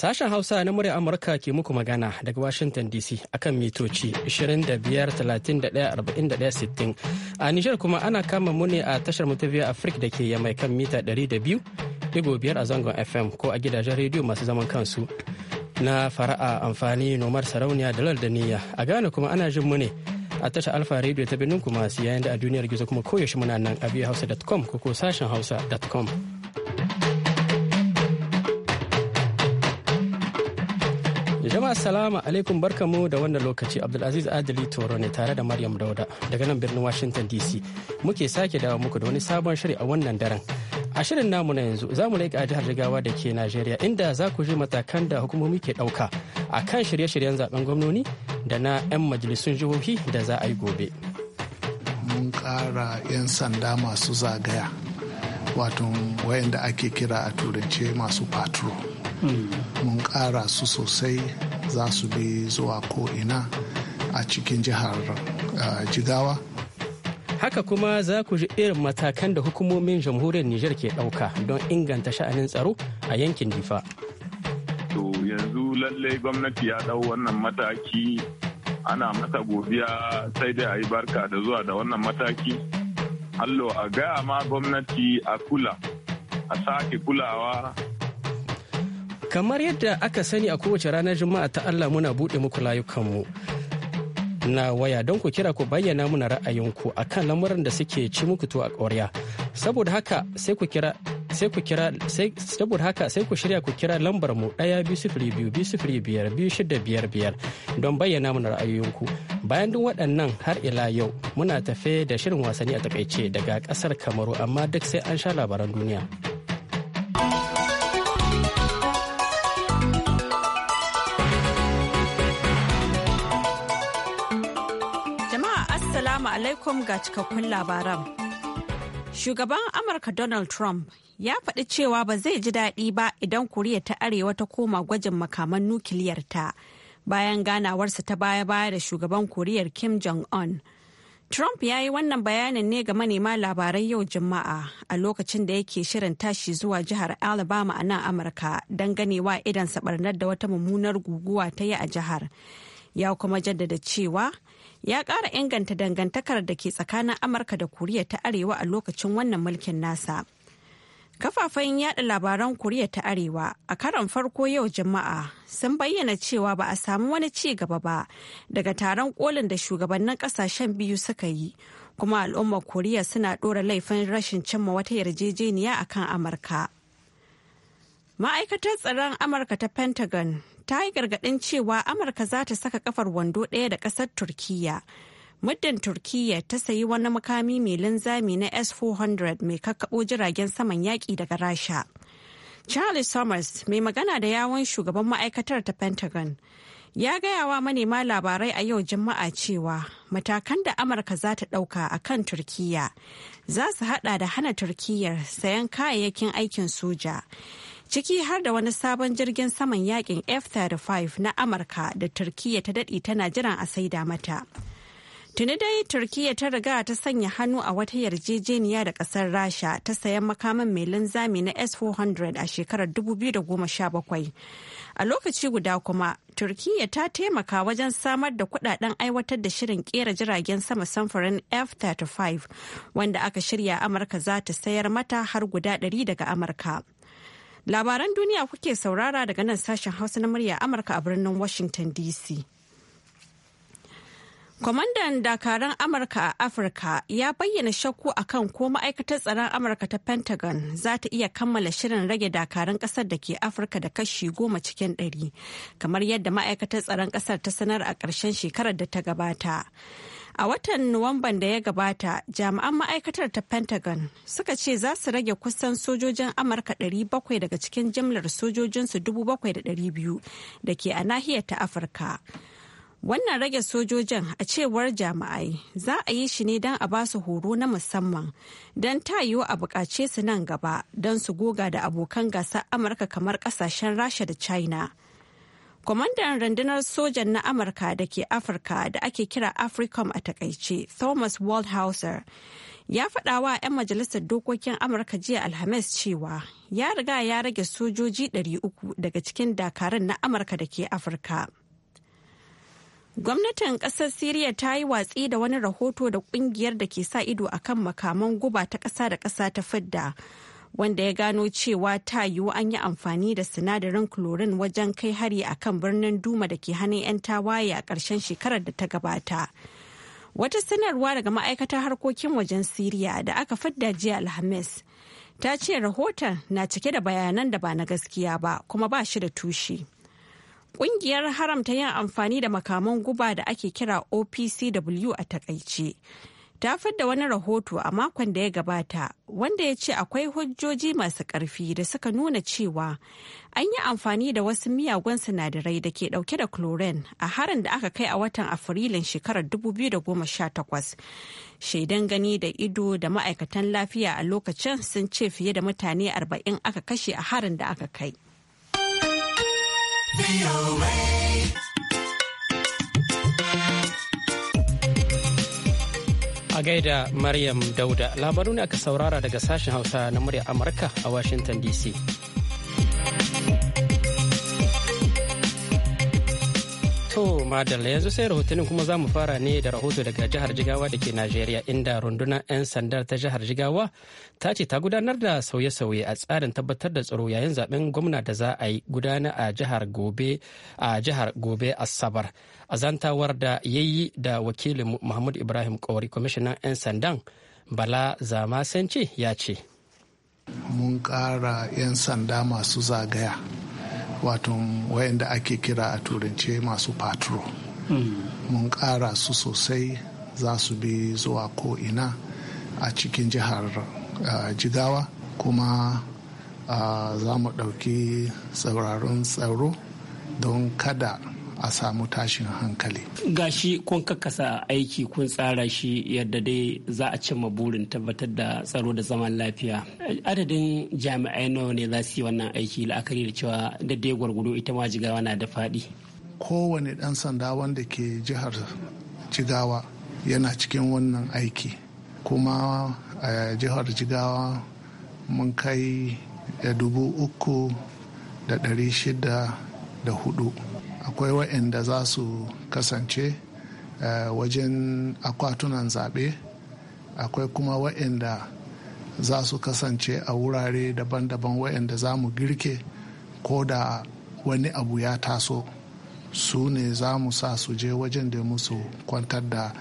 Sashen Hausa na murya Amurka ke muku magana daga Washington DC akan mitoci 25-31-41-60. A Nijar kuma ana kama mu ne a tashar mutabiya Afrik da ke yamai kan mita 200.5 a zangon FM ko a gidajen rediyo masu zaman kansu. Na fara'a amfani nomar sarauniya da lardaniya a Ghana kuma ana jin mu ne a tashar Alfa rediyo ta birnin kuma yayin da a duniyar gizo kuma koyaushe muna nan a biyahausa.com ko ko sashen hausa.com. Jama'a salamu alaikum barkamu da wannan lokaci Abdulaziz Adili Toro ne tare da Maryam Dauda daga nan birnin Washington DC. Muke sake dawo muku da wani sabon shiri a wannan daren. A shirin namu na yanzu za mu leƙa jihar Jigawa da ke Najeriya inda za ku ji matakan da hukumomi ke ɗauka a kan shirye-shiryen zaben gwamnoni da na 'yan majalisun jihohi da za a yi gobe. Mun ƙara 'yan sanda masu zagaya, wato wayanda ake kira a turance masu patrol. mun ƙara su sosai za su bi zuwa ko'ina a cikin jihar jigawa haka kuma za ku ji irin matakan da hukumomin jamhuriyar niger ke ɗauka don inganta sha'anin tsaro a yankin difa to yanzu lallai gwamnati ya ɗau wannan mataki ana mata godiya sai dai a yi barka da zuwa da wannan mataki allo a gaya ma gwamnati a kula a sake kulawa kamar yadda aka sani a kowace ranar juma'a ta allah muna buɗe muku layukanmu na waya don ku kira ku bayyana muna ra'ayinku akan lamuran da suke ci muku to a ƙwarya saboda haka sai ku kira sai ku kira saboda haka sai ku shirya ku kira lambar mu ɗaya biyu sifiri biyu biyu sifiri biyar biyu biyar biyar don bayyana muna ra'ayoyinku bayan duk waɗannan har ila yau muna tafe da shirin wasanni a takaice daga ƙasar kamaru amma duk sai an sha labaran duniya. alaikum ga cikakkun labaran. Shugaban Amurka Donald Trump ya faɗi cewa ba zai ji daɗi ba idan Koriya ta Arewa ta koma gwajin makaman nukiliyarta bayan ganawarsa ta baya-baya da shugaban Koriyar Kim Jong-un. Trump ya yi wannan bayanin ne ga manema labarai yau Juma'a a lokacin da yake shirin tashi zuwa jihar Alabama a nan Amurka don ganewa idan sabarnar da wata mummunar guguwa ta yi a jihar. Ya kuma jaddada cewa ya ƙara inganta dangantakar da ke tsakanin amurka da koriya ta arewa a lokacin wannan mulkin nasa kafafen yada labaran koriya ta arewa a karon farko yau jama'a sun bayyana cewa ba a samu wani ci gaba ba daga taron kolin da shugabannin kasashen biyu suka yi kuma al'ummar koriya suna ɗora laifin rashin cimma wata yarjejeniya akan amurka ma'aikatar tsaron amurka ta pentagon ta yi gargaɗin cewa amurka za ta saka kafar wando ɗaya da ƙasar turkiyya muddin turkiyya ta sayi wani makami mai linzami na s-400 mai kakkaɓo jiragen saman yaƙi daga rasha charles summers mai magana da yawon shugaban ma'aikatar ta pentagon ya gaya wa manema labarai a yau juma'a cewa matakan da amurka za ta ɗauka a kan turkiyya za su hada da hana turkiyyar sayan kayayyakin aikin soja ciki har da wani sabon jirgin saman yakin F-35 na Amurka da Turkiyya ta daɗe tana jiran a saida mata. Tuni dai Turkiyya ta riga ta sanya hannu a wata yarjejeniya da ƙasar Rasha ta sayan makaman mai linzami na S-400 a shekarar 2017. A lokaci guda kuma, Turkiyya ta taimaka wajen samar da kudaden aiwatar da shirin kera jiragen sama samfurin F-35 wanda aka shirya Amurka za ta sayar mata har guda 100 daga Amurka. Labaran duniya kuke saurara daga nan sashen Hausa na murya Amurka a birnin Washington DC. Kwamandan dakaran Amurka a Afirka ya bayyana shakku akan ko ma'aikatar tsaron Amurka ta Pentagon za ta iya kammala shirin rage dakaran kasar da ke Afirka da kashi goma cikin ɗari, kamar yadda ma'aikatar tsaron kasar ta sanar a ƙarshen shekarar da ta gabata. A watan Nuwamban da ya gabata, jami'an ma'aikatar ta Pentagon suka ce za su rage kusan sojojin Amurka 700 daga cikin jimlar sojojinsu 7,200 da ke a nahiyar ta Afirka. Wannan rage sojojin a cewar jami'ai za a yi shi ne don a ba su horo na musamman don tayiwa a bukace su nan gaba don su goga da abokan gasar Amurka kamar kasashen Rasha da China. Kwamandan rundunar sojan na Amurka da ke Afirka da ake kira AFRICOM a takaice, Thomas Waldhauser, ya faɗa wa 'yan majalisar dokokin Amurka jiya Alhamis cewa ya riga ya rage sojoji 300 daga cikin dakarun na Amurka da ke Afirka. Gwamnatin ƙasar Siriya ta yi watsi da wani rahoto da ƙungiyar da ke sa ido a kan makaman guba ta ƙasa da ƙasa ta fidda wanda ya gano cewa ta yiwu an yi amfani da sinadarin chlorine wajen kai hari a kan birnin duma da ke hannun 'yan tawaye a ƙarshen shekarar da ta gabata wata sanarwa daga ma'aikatar harkokin wajen siriya da aka fadda jiya alhamis ta ce rahoton na cike da bayanan da ba na gaskiya ba kuma ba shi da tushe ƙungiyar haramta yin amfani da makaman guba da ake kira opcw a takaice ta fidda wani rahoto a makon da ya gabata wanda ya ce akwai hujjoji masu ƙarfi da suka nuna cewa an yi amfani da wasu miyagun sinadarai da ke ɗauke da chlorine a harin da aka kai a watan afrilun shekarar 2018 shaidan gani da ido da ma'aikatan lafiya a lokacin sun ce fiye da mutane 40 aka kashe a harin da aka kai. A gaida Maryam Dauda labaru ne aka saurara daga sashen Hausa na murya Amurka a Washington DC. To madalla yanzu sai rahotannin kuma za mu fara ne da rahoto daga jihar Jigawa da ke Najeriya inda rundunar 'yan sandar ta jihar Jigawa ta ce ta gudanar da sauye-sauye a tsarin tabbatar da tsaro yayin zaben gwamna da za a yi gudana a jihar Gobe a jihar Gobe Asabar. azantawar zantawar da yayi da wakilin Muhammad Ibrahim Kawari kwamishinan 'yan sandan Bala Zama ya ce. Mun ƙara 'yan sanda masu zagaya wato wayanda ake kira a turance masu patro mm. mun ƙara su sosai za su bi zuwa ko'ina a cikin jihar jigawa kuma za mu ɗauki tsauraron tsaro don kada a samu tashin hankali. Gashi kun kakkasa aiki kun tsara shi yadda dai za a cimma burin tabbatar da tsaro da zaman lafiya. Adadin jami'ai nawa ne za su yi wannan aiki la'akari da cewa da dai gwargwado ita ma jigawa na da faɗi. Kowane ɗan sanda wanda ke jihar jigawa yana cikin wannan aiki. Kuma a jihar jigawa mun kai da dubu uku da ɗari shida da hudu. akwai waɗanda za su kasance eh, wajen akwatunan zaɓe akwai kuma waɗanda za su kasance a wurare daban-daban waɗanda za mu girke ko da wani abu ya taso su ne za mu sa su je wajen da musu kwantar da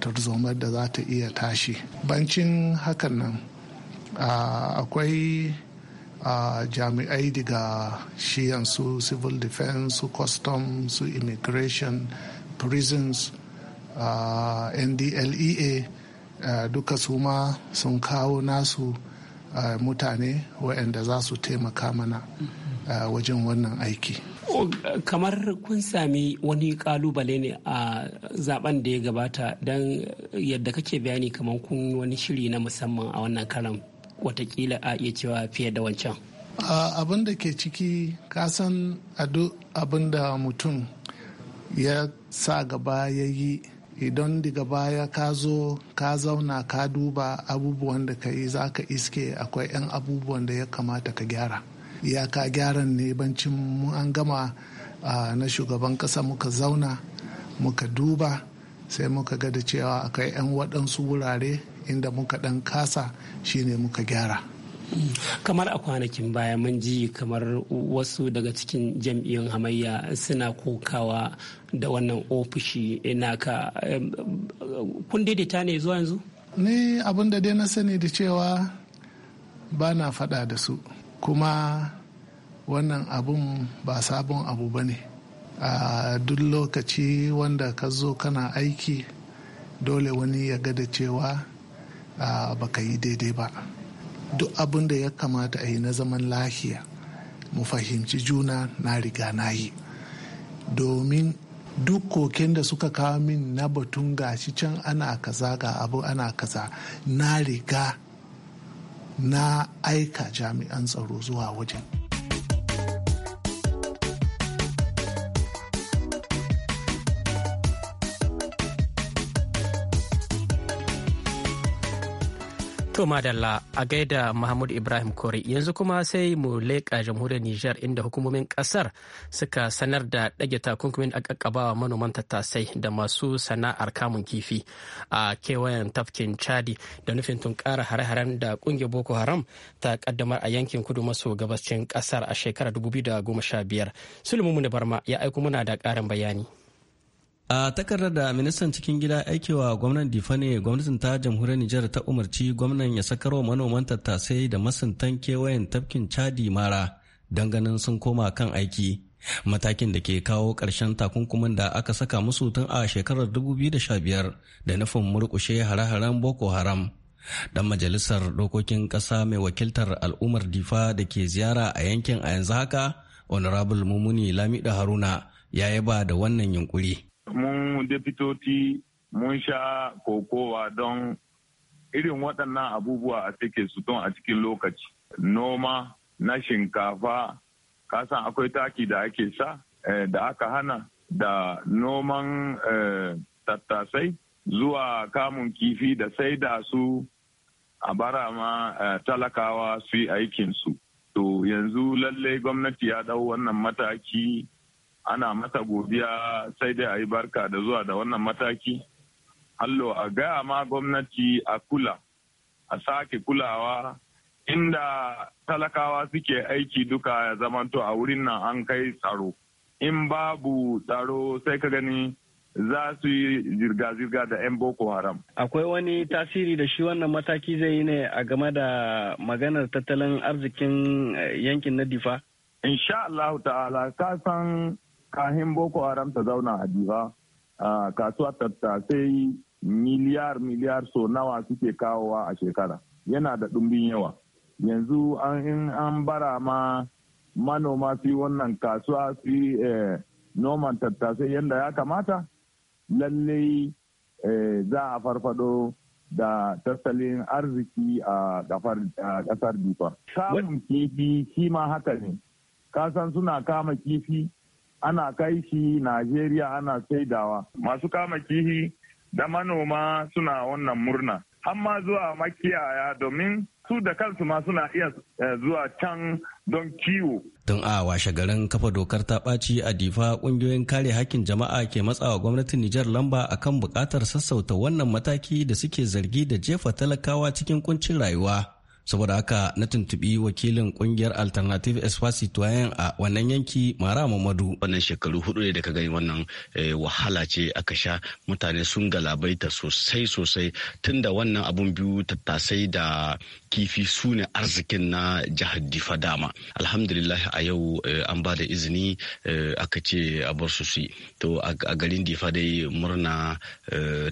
tarzomar da za ta iya tashi bancin hakan nan ah, akwai a jami'ai daga shiyan su civil defense su custom su immigration prisons uh, ndlea uh, duka su ma sun kawo nasu uh, mutane waɗanda za su taimaka mana uh, wajen wannan aiki kamar kun sami wani kalubale ne a zaben da ya gabata don yadda kake bayani kamar kun wani shiri na musamman a wannan karan watakila a iya cewa fiye da wancan abin da ke ciki kasan a duk abin da mutum ya sa gaba ya yi idan daga baya ka zo ka zauna ka duba abubuwan da ka yi za ka iske akwai 'yan abubuwan da ya kamata ka gyara Ya ka gyara ne bancin mu an gama na shugaban kasa muka zauna muka duba sai muka ga da cewa akwai 'yan waɗansu wurare inda muka ɗan kasa shine muka gyara kamar a kwanakin baya mun ji kamar wasu daga cikin jam'iyyun hamayya suna kokawa da wannan ofishi ina ka. kun daidaita ne zuwa yanzu ni abin da dai na sani da cewa ba na faɗa da su kuma wannan abun ba sabon abu ba ne a duk lokaci wanda ka zo kana aiki dole wani ya ga cewa baka yi daidai ba duk abin da ya kamata a yi na zaman lahiya mu fahimci juna na riga na yi domin duk koken da suka kawo min na batun gashi can ana kaza ga abu ana kaza na riga na aika jami'an tsaro zuwa wajen To madalla a gaida Mahmud Ibrahim Kore yanzu kuma sai mu leƙa jamhuriyar Nijar inda hukumomin ƙasar suka sanar da ɗage takunkumin a ƙaƙabawa manoman tattasai da masu sana'ar kamun kifi a kewayen tafkin Chadi da nufin tunkara hare-haren da ƙungiyar Boko Haram ta ƙaddamar a yankin kudu maso gabashin ƙasar a shekarar 2015. Sulemu Barma ya aiko muna da ƙarin bayani. a takardar da ministan cikin gida aikewa gwamnan ne. gwamnatin ta jamhuriyar nijar ta umarci gwamnan ya sakarwa manoman tattasai da masuntan kewayen tafkin chadi mara ganin sun koma kan aiki matakin da ke kawo ƙarshen takunkumin da aka saka musu tun a shekarar 2015 da nufin murƙushe hare-haren boko haram dan majalisar dokokin ƙasa mai wakiltar al'ummar difa da ke ziyara a yankin a yanzu haka honorable mumuni lamida haruna ya yaba da wannan yunkuri mun deputoti mun sha kokowa don irin waɗannan abubuwa a take su don a cikin lokaci noma na shinkafa kasan akwai taki da ake sa eh, da aka hana da noman eh, tattasai zuwa kamun kifi da sai da su a bara ma eh, talakawa su yi aikinsu to yanzu lallai gwamnati ya ɗau wannan mataki ana masa godiya sai dai a yi barka da zuwa da wannan mataki allo a gaya ma gwamnati a kula a sake kulawa inda talakawa suke aiki duka ya zamanto a wurin nan an kai tsaro in babu tsaro sai ka gani za su yi zirga-zirga da 'yan boko haram. Akwai wani tasiri da shi wannan mataki zai yi ne a game da maganar tattalin arzikin eh, yankin na difa? Insha'Allah, ta'ala ka san kahin boko haram ta zauna a diba kasuwar tattasai miliyar miliyar so nawa suke kawowa a shekara yana da ɗumbin yawa yanzu an an bara ma manoma su wannan kasuwa su eh, noman tattasai yadda ya kamata lallai eh, za a farfado da tattalin arziki a ƙasar difa kamun kifi shi ma haka ne kasan suna kama kifi ana kai shi Najeriya ana saidawa. Masu kama kihi da manoma suna wannan murna. Amma zuwa makiyaya domin su da kansu ma suna iya eh, zuwa can don kiwo. Tun a washe garin kafa dokar ta ɓaci a difa ƙungiyoyin kare hakkin jama'a ke matsawa gwamnatin Nijar lamba akan buƙatar sassauta wannan mataki da suke zargi da jefa talakawa cikin kuncin rayuwa. saboda haka na tuntubi wakilin kungiyar alternative espacitoyen a wannan yanki mara mamadu wannan shekaru hudu ne da ka gani wannan eh, wahala ce aka sha mutane sun galabaita sosai sosai tunda wannan abun biyu tattasai da kifi su ne arzikin na jihar difa dama alhamdulillah a yau eh, an ba da izini eh, aka ce a bar su su to a garin difa dai murna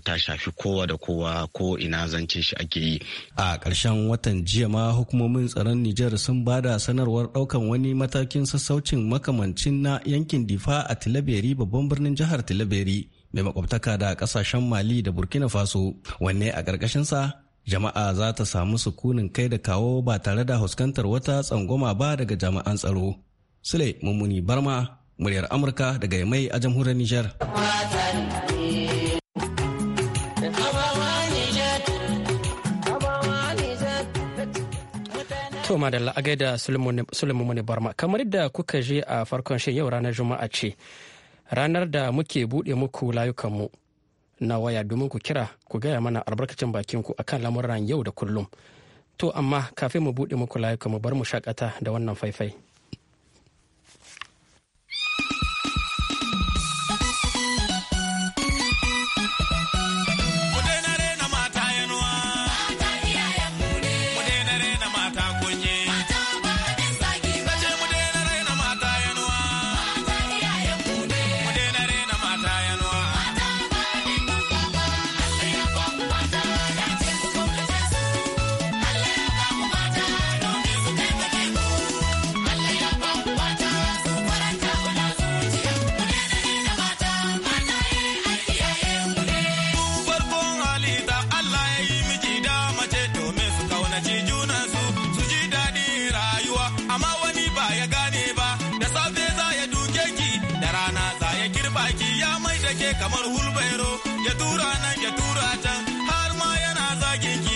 ta shafi kowa da kowa ko ina zance shi ake yi a ƙarshen watan jiya jiya ma hukumomin tsaron Nijar sun bada sanarwar daukan wani matakin sassaucin makamancin na yankin Difa a Tilaberi babban birnin jihar Tilaberi mai makwabtaka da kasashen Mali da Burkina Faso wanne a ƙarƙashinsa jama'a za ta samu sukunin kai da kawo ba tare da huskantar wata tsangwama ba daga jami'an tsaro. Sule Mummuni Barma, muryar Amurka daga mai a jamhuriyar Nijar. da madalla a gaida Sulaimu Barma kamar da kuka je a farkon shi yau ranar Juma'a ce ranar da muke buɗe muku layukanmu na waya domin ku kira ku gaya mana albarkacin bakin ku akan lamuran yau da kullum. To amma kafin mu buɗe muku layukanmu bar mu shakata da wannan faifai. like it.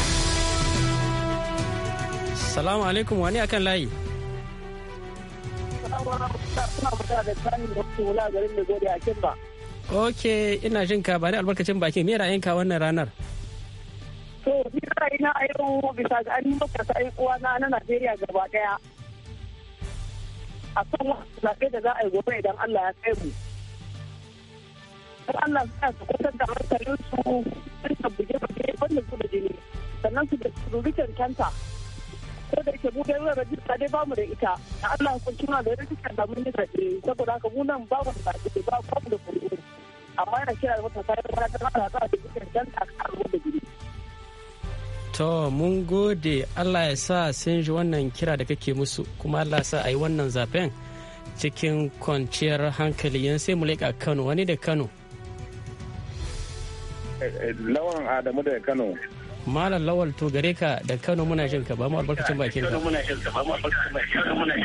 Salamu alaikum wani akan layi. Ok, ina jin ka ba ni albarkacin baki me ra'ayinka wannan ranar? To, ni ra'ayina a yau bisa ga an yi matasa ‘yan uwana na Najeriya gaba daya. A kan zaɓe da za a yi gobe idan Allah ya kai mu. Idan Allah ya su kwatar da su sun buge-buge, wannan su da jini, sannan su da rubutun kanta. ko da yake mu dai rajista dai bamu da ita da Allah hukunci muna da rajista da mun yi saboda haka mu nan babu da ke ba bamu da ku amma yana kira da matasa ya fara tana da zaɓe cikin dan takarwa da gidi. To mun gode Allah ya sa sun ji wannan kira da kake musu kuma Allah ya sa a yi wannan zaben cikin kwanciyar hankali yan sai mu leƙa Kano wani da Kano. Lawan Adamu da Kano. Malam Lawal to gare ka da Kano muna jin ka ba mu albarkacin bakin ka.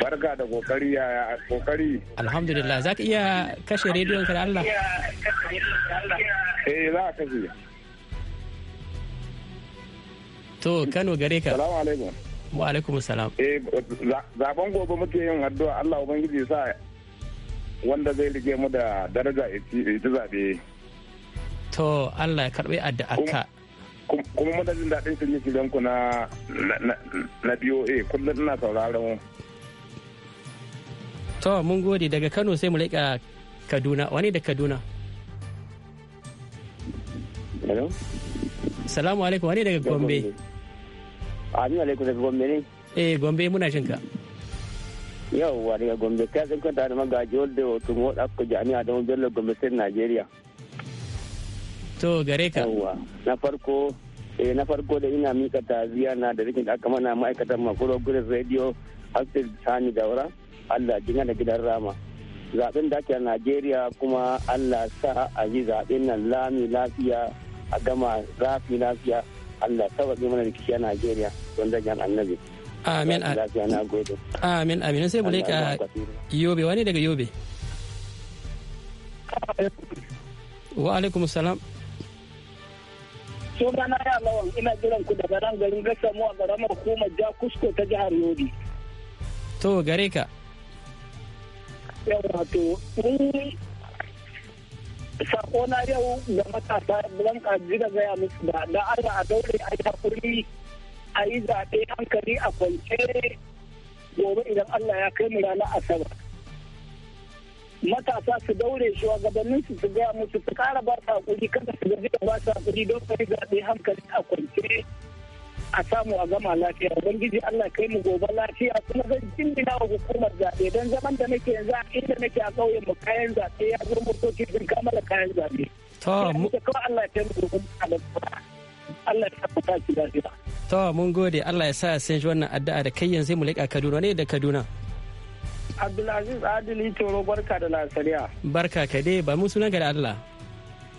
Barka da kokari ya kokari. Alhamdulillah zaka iya kashe rediyon ka da Allah. Eh za ka kashe. To Kano gare ka. Assalamu alaikum. Wa alaikum salam. Eh zaben gobe muke yin addu'a Allah ubangiji sa wanda zai rige mu da daraja ita zabe. To Allah ya karbi addu'a ka. kuma madadin daɗin daɗin shirye shiryen ku na na BOA kullum ina sauraron to mun gode daga Kano sai mu leƙa Kaduna wani da Kaduna Hello Salamu alaikum wani daga Gombe Amin alaikum daga Gombe ne Eh Gombe muna shinka Yau wani Gombe kai sun kanta da magaji wanda wato mu wadda ku jami'a don Bello Gombe sai Najeriya to gare ka yawa na farko eh na farko da ina mika taziya na da rikin aka mana ma'aikatan makuro gure radio hasir sani daura allah jinga da gidan rama zaben da ke a najeriya kuma allah sa a yi zaben nan lami lafiya a gama rafi lafiya allah sauƙaƙe mana rikici a najeriya don jan annabi amin amin amin sai mu leka yobe wani daga yobe wa alaikum salam na ya lawan ina jiran ku daga nan garin gasa mu a garamar hukumar ja kusko ta jihar yobe to gare ka yawa to ni sako na yau da matasa ban kaji da gaya musu da da ala a daure a yi hakuri a yi zaɓe hankali a kwance gobe idan Allah ya kai mu ranar asabar matasa su daure shugabannin su su gaya musu su kara ba su hakuri kada su gaji ba su hakuri don kai zaɓe hankali a kwance a samu a gama lafiya ubangiji Allah kai mu gobe lafiya kuma zan jingina wa hukumar zaɓe don zaman da nake yanzu a inda nake a ƙauyen mu kayan zaɓe ya zo motoci sun kama da kayan zaɓe. kawai Allah ya mu gobe Allah ya lafiya. To mun gode Allah ya sa san shi wannan addu'a da kai yanzu mu leƙa Kaduna ne da Kaduna. Abdulaziz Adili Toro barka da lasariya. Barka ka dai ba mu sunan ga Allah.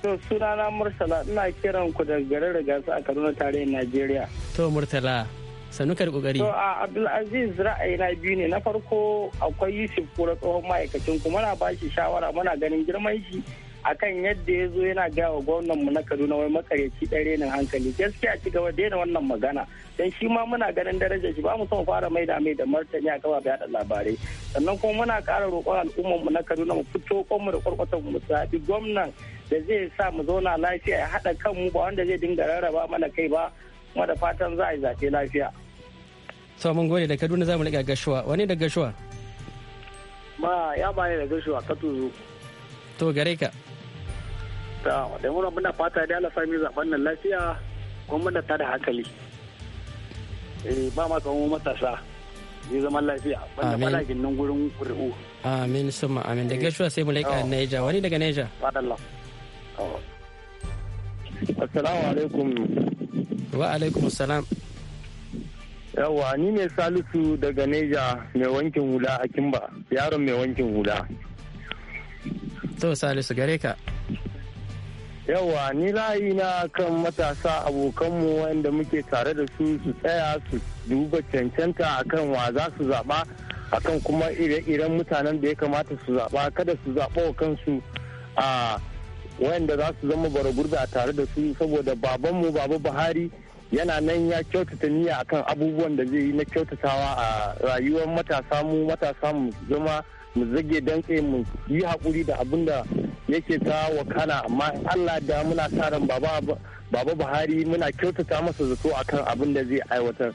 To sunana Murtala ina kiran ku daga garin rigasu a Kaduna tarihin Najeriya. To Murtala sannu ka da kokari. To Abdulaziz Abdulaziz ra'ayina biyu ne na farko akwai Yusuf Kura tsohon ma'aikacin ku muna ba shi shawara muna ganin girman shi akan yadda ya zo yana gaya wa gwamnan mu na Kaduna wai makareci dan renin hankali gaskiya ci gaba daina wannan magana dan shi ma muna ganin darajar shi ba mu son fara mai da mai da martani a kafa yada labarai sannan kuma muna ƙara roƙon al'ummar mu na Kaduna mu fito mu da kwarkwatan mu haɗi gwamnan da zai sa mu zauna lafiya ya haɗa kanmu ba wanda zai dinga rarraba mana kai ba kuma da fatan za a yi zaɓe lafiya. sau mun gode da kaduna za mu riga gashuwa wani da gashuwa ma ya bani da gashuwa ka tuzo to gare ka da fata da Allah sami zaben nan lafiya amin summa amin daga eh. shuwa sai mu laika oh. Niger wani daga Niger oh. wa alaikum assalam yawa ni ne salisu daga neja mai wankin hula a kimba yaron mai wankin hula to salisu gare ka yawa ni ra'ayi na kan matasa abokanmu wanda muke tare da su su tsaya su duba cancanta akan wa za su zaɓa akan kuma ire-iren mutanen da ya kamata su zaɓa kada su zaɓa wa kansu a wayanda za su zama baragurda tare da su saboda babanmu baba buhari yana nan ya kyautata niyya akan abubuwan da zai yi na kyautatawa a rayuwar matasa mu matasa mu zama mu zage dantse mu yi haƙuri da abin da yake ta wakana amma allah da muna sa ran baba buhari muna kyautata masa zato akan abin da zai aiwatar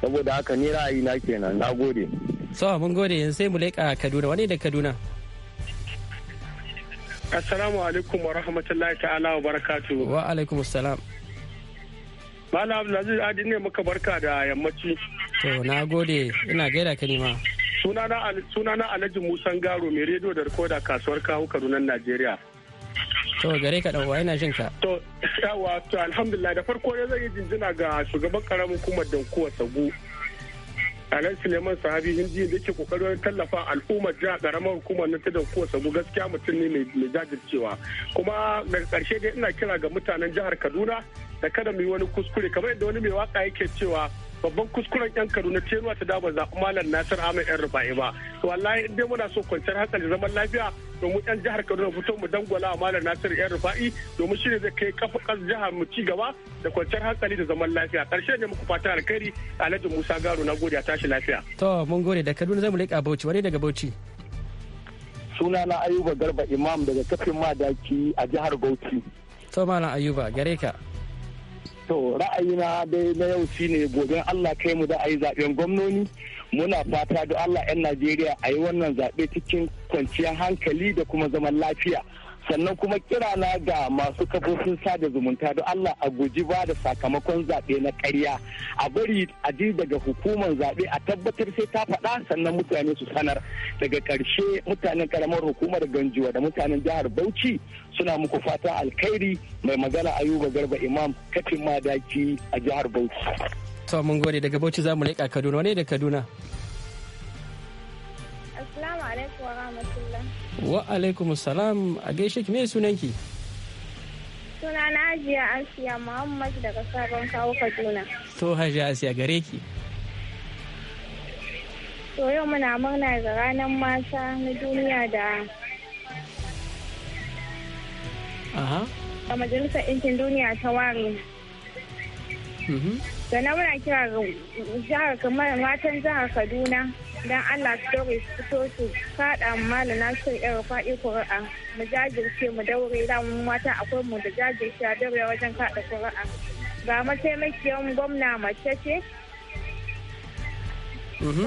saboda haka ni ra'ayi na kenan na gode so mun gode yanzu sai mu leƙa kaduna wani da kaduna assalamu alaikum wa rahmatullahi ta'ala wa barakatu wa alaikum assalam malam abdulaziz adi ne muka barka da yammaci to na gode ina gaida ka ma Sunana Alhaji Musan Garo mai rediyo da rikoda kasuwar kawo Kaduna Najeriya. To gare ka ɗauwa yana jin ka. To yawa to alhamdulillah da farko ya zai yi jinjina ga shugaban karamin hukumar Dankuwa Sagu. Alan Suleiman Sahabi Hindi da ke kokarin tallafa al'ummar jiha karamar hukumar na ta Dankuwa sabu gaskiya mutum ne mai jajircewa. Kuma daga karshe dai ina kira ga mutanen jihar Kaduna da kada mu yi wani kuskure kamar yadda wani mai waka yake cewa babban kuskuren yan kaduna cewa ta da zaɓi malam nasir amin yan rufa'i ba to wallahi in dai muna so kwanciyar hankali zaman lafiya domin yan jihar kaduna fito mu dangwala a malam nasir yan rufa'i domin shi ne zai kai kafa ƙasar jihar mu ci gaba da kwanciyar hankali da zaman lafiya ƙarshe ne muku fata alkhairi alhaji musa garo na gode a tashi lafiya. to mun gode da kaduna zai mu leƙa bauchi wani daga bauchi. suna na ayuba garba imam daga kafin madaki a jihar bauchi. to malam ayuba gare ka. To ra'ayina dai na yau shine gobe Allah kai mu da ayi yi zaɓen gwamnoni muna fata da Allah 'yan Najeriya a yi wannan zaɓe cikin kwanciyar hankali da kuma zaman lafiya. sannan kuma kirana ga masu kafofin sada zumunta don Allah a guji ba da sakamakon zaɓe na ƙarya a bari a ji daga hukumar zaɓe a tabbatar sai ta faɗa sannan mutane su sanar daga ƙarshe mutanen karamar hukumar ganjuwa da mutanen jihar Bauchi suna muku fata alkhairi mai magana Ayuba Garba Imam kafin madaki a jihar Bauchi. To mun gode daga Bauchi za mu leƙa Kaduna ne da Kaduna. Assalamu alaikum wa rahmatullah. wa alaikum salam a gaishe ki me sunanki sunana hajiya asiya muhammad daga sabon kawo kaduna to hajiya asiya gare ki to yau muna murna ga ranar mata na duniya da Aha. a majalisar ɗinkin duniya ta ware sannan mhm. muna kira ga jihar kamar matan jihar kaduna dan Allah su daure su fito su faɗa mala na son yar faɗi ƙuri'a mu jajirce mu daure da mu mata akwai mu da jajirce a daure wajen kaɗa ƙuri'a ga mataimakiyar gwamna mace ce mhm.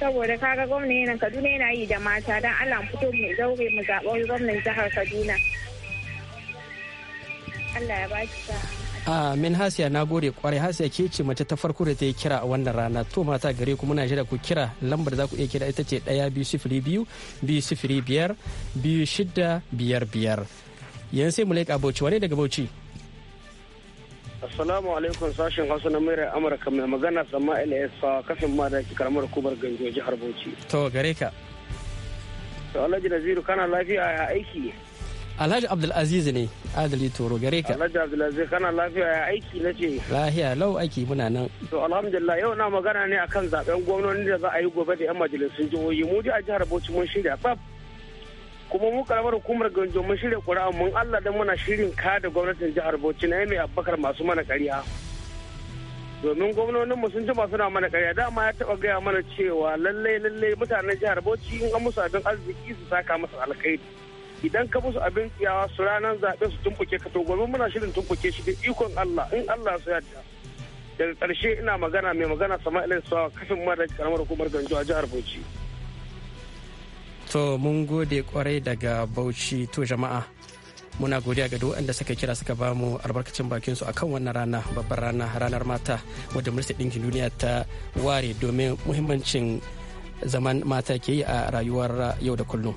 saboda kaga gwamna yana kaduna yana yi da mata don allah mu fito mu daure mu zaɓa gwamnan jihar kaduna allah ya ba shi sa'a Amin Hasiya na gode kwarai Hasiya ke ce mace ta farko da ta yi kira a wannan rana to mata gare ku muna shirya ku kira lambar za ku iya kira ita ce ɗaya biyu sifili biyu biyu sifili biyar biyu shida biyar biyar. Yan sai mu leƙa Bauchi wane daga Bauchi. Assalamu alaikum sashen Hausa na Mairar Amurka mai magana Sama'il Isa kafin ma da ke karamar kubar Ganjo jihar Bauchi. To gare ka. To Alhaji Naziru kana lafiya ya aiki. Alhaji Abdulaziz ne adali toro gare ka. Alhaji Abdulaziz kana lafiya ya aiki na ce. Lafiya lau aiki muna nan. To alhamdulillah yau na magana ne akan zaben gwamnoni da za a yi gobe da 'yan majalisun jihohi mu a jihar Bauchi mun shirya tsaf. Kuma mu karamar hukumar Ganjo mun shirya ƙura'a mun Allah da muna shirin ka da gwamnatin jihar Bauchi na mai abubakar masu mana ƙarya. domin gwamnonin mu sun masu na mana karya dama ya taɓa gaya mana cewa lallai lallai mutanen jihar Bauchi in an musu abin arziki su saka masa alkhairi idan ka musu abin tsiyawa su ranar zaɓe su tumɓuke ka to gobe muna shirin tumɓuke shi da ikon Allah in Allah su yadda daga ƙarshe ina magana mai magana Sama'il Sawa kafin mara karamar hukumar Ganjo a jihar Bauchi to mun gode kwarai daga Bauchi to jama'a muna godiya ga duwanda suka kira suka ba mu albarkacin bakin su akan wannan rana babbar rana ranar mata wadda ministan ɗinkin duniya ta ware domin muhimmancin zaman mata ke yi a rayuwar yau da kullum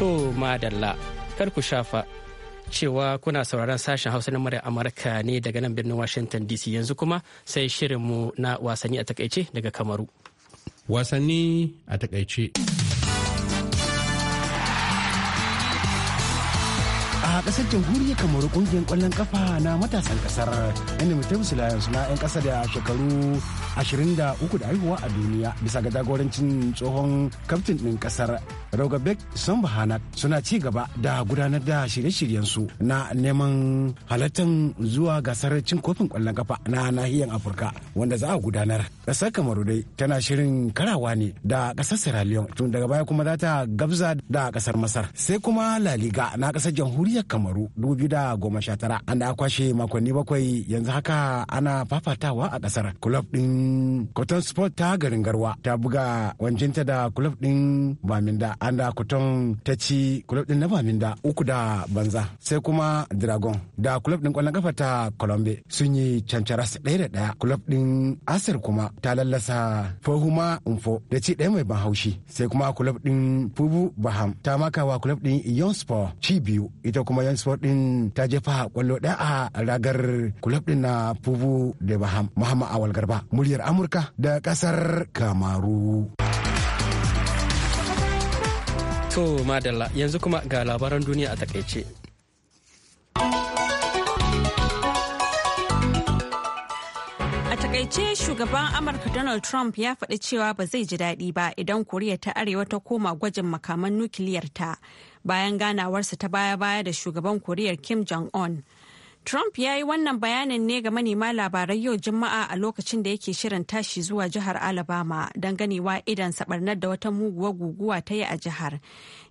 To madalla kar ku shafa cewa kuna sauraron sashen hausa na murya amurka ne daga nan birnin washington dc yanzu kuma sai shirinmu na wasanni a takaice daga kamaru wasanni a takaice a kasar jamhuriyar kamaru kungiyar kwallon kafa na matasan kasar inda mutum layan na 'yan kasa da shekaru 23 da haihuwa a duniya bisa ga jagorancin tsohon kaftin ɗin kasar Raugabek Sambahanat suna ci gaba da gudanar da shirye-shiryensu na neman halartar zuwa gasar cin kofin kwallon kafa na nahiyar Afirka wanda za a gudanar. Ƙasar Kamaru dai tana shirin karawa ne da ƙasar Sierra Leone tun daga baya kuma za ta gabza da ƙasar Masar. Sai kuma La Liga na ƙasar Jamhuriyar Kamaru 2019 an da kwashe makonni bakwai yanzu haka ana fafatawa a ƙasar. Kulob ɗin Cotton Sport ta garin Garwa ta buga wancinta da kulob ɗin Baminda an kuton ta ci kulob din na da uku da banza sai kuma Dragon da kulob din kwallon kafa ta Colombe sun yi cancaras ɗaya da ɗaya Kulob din Asir kuma ta lallasa fahuma Umfo da ci ɗaya mai ban haushi sai kuma kulob din Fubu Baham ta maka wa kulob din yon ci biyu ita kuma yon Sport din ta jefa kwallo ɗaya a ragar kulob din na Fubu da Baham Muhammad Awal Garba muryar Amurka da ƙasar Kamaru. To madalla yanzu kuma ga labaran duniya a takaice. A takaice shugaban Amurka Donald Trump ya faɗi cewa ba zai ji daɗi ba idan Koriya ta Arewa ta koma gwajin makaman nukiliyar ta bayan ganawarsa ta baya-baya da shugaban Koriyar Kim Jong-un. Trump ya yi wannan bayanin ne ga manema labarai yau Juma'a a lokacin da yake shirin tashi zuwa jihar Alabama don ganewa idan sabarnar da wata muguwar guguwa ta yi a jihar.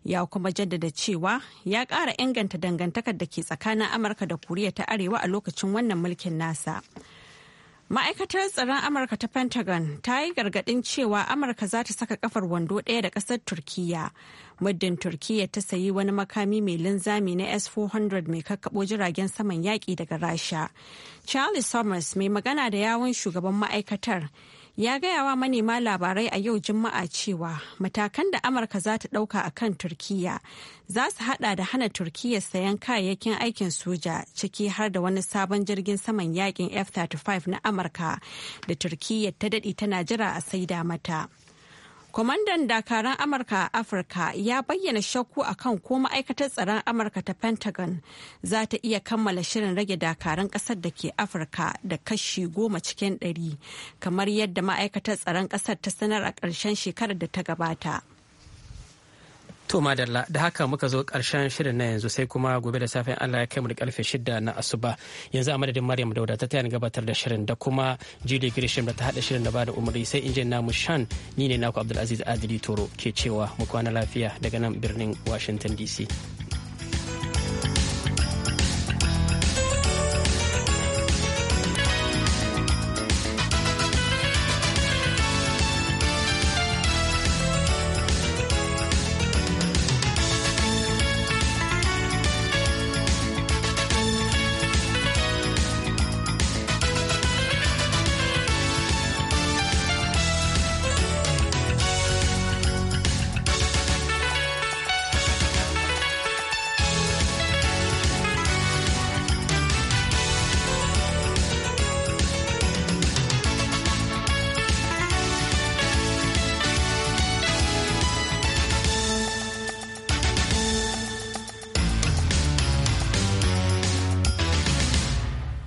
Ya kuma jaddada cewa ya ƙara inganta dangantakar da ke tsakanin Amurka da Koriya ta Arewa a lokacin wannan mulkin nasa. Ma'aikatar tsaron Amurka ta Pentagon ta yi gargaɗin cewa Amurka za ta saka kafar wando ɗaya da ƙasar Turkiyya. Muddin Turkiyya ta sayi wani makami mai linzami na S-400 mai kakkaɓo jiragen saman yaƙi daga Rasha. Charles Summers mai magana da yawon shugaban ma'aikatar ya gaya wa manema labarai a yau juma'a cewa matakan da amurka za ta ɗauka a kan turkiya za su hada da hana turkiya sayan kayayyakin aikin soja ciki har da wani sabon jirgin saman yakin f-35 na amurka da turkiya ta daɗe tana jira a saida mata Kwamandan dakaran Amurka a Afirka ya bayyana shakku kan ko ma'aikatar tsaron Amurka ta Pentagon za ta iya kammala shirin rage dakaran kasar da ke Afirka da kashi goma cikin ɗari, kamar yadda ma'aikatar tsaron kasar ta sanar a ƙarshen shekarar da ta gabata. To madalla da haka muka zo karshen shirin na yanzu sai kuma gobe da safin Allah ya kai mu da karfe shida na asuba yanzu a madadin Maryam Dauda ta tayan gabatar da shirin da kuma Julie Grisham da ta hada shirin da bada umarni sai injin namu Shan ni ne naku Abdulaziz Adili Toro ke cewa mu kwana lafiya daga nan birnin Washington DC.